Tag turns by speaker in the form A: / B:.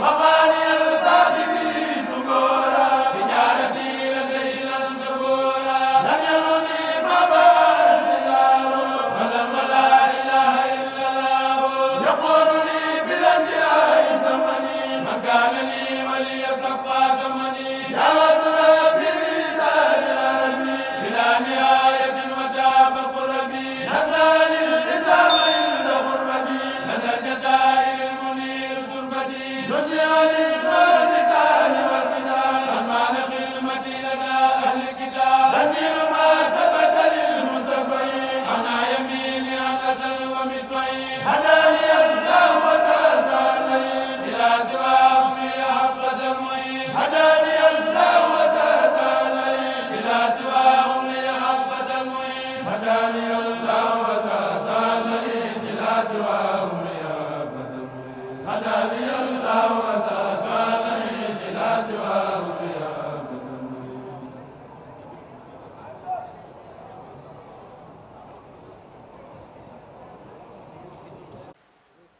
A: Mama نزيل